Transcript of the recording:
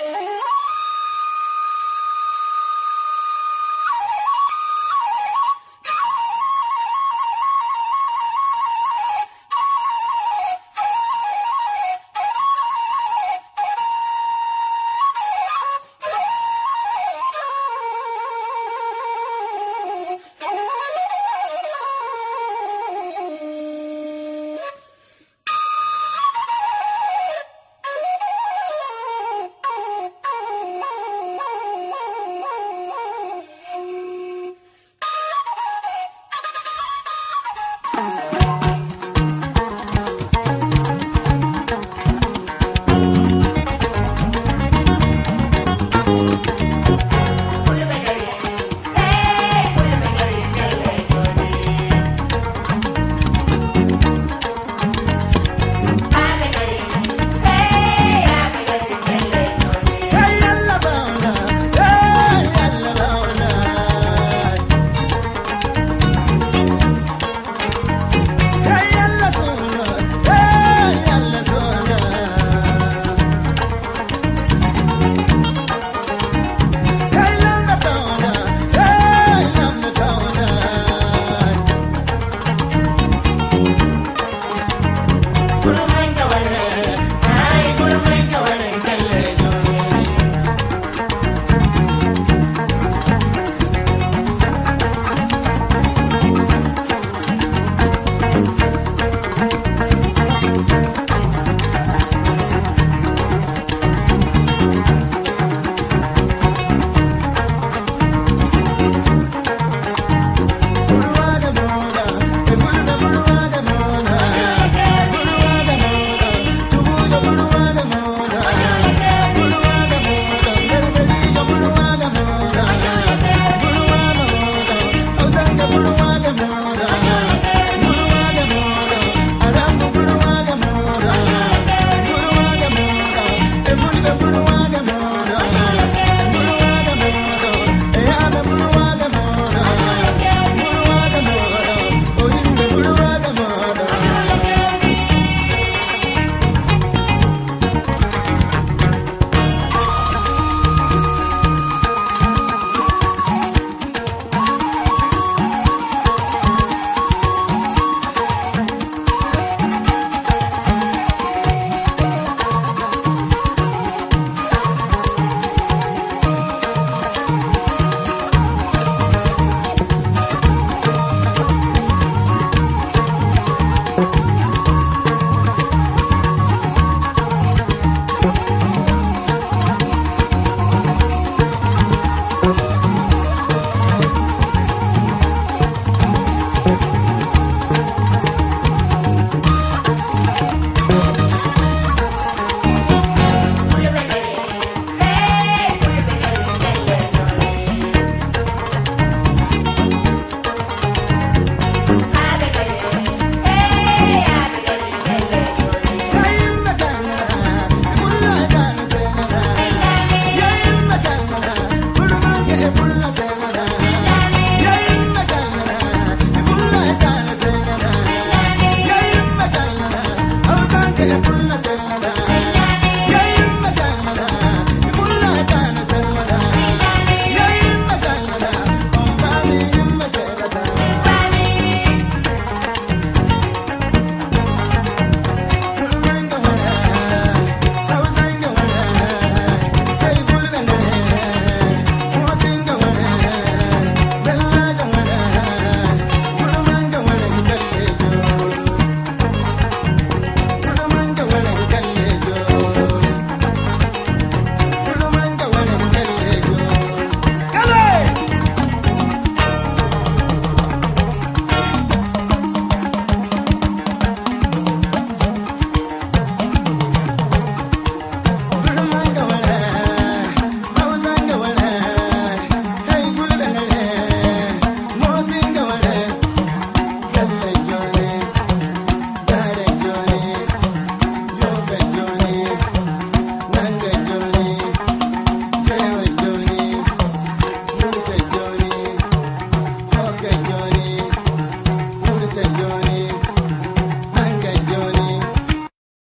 Yeah.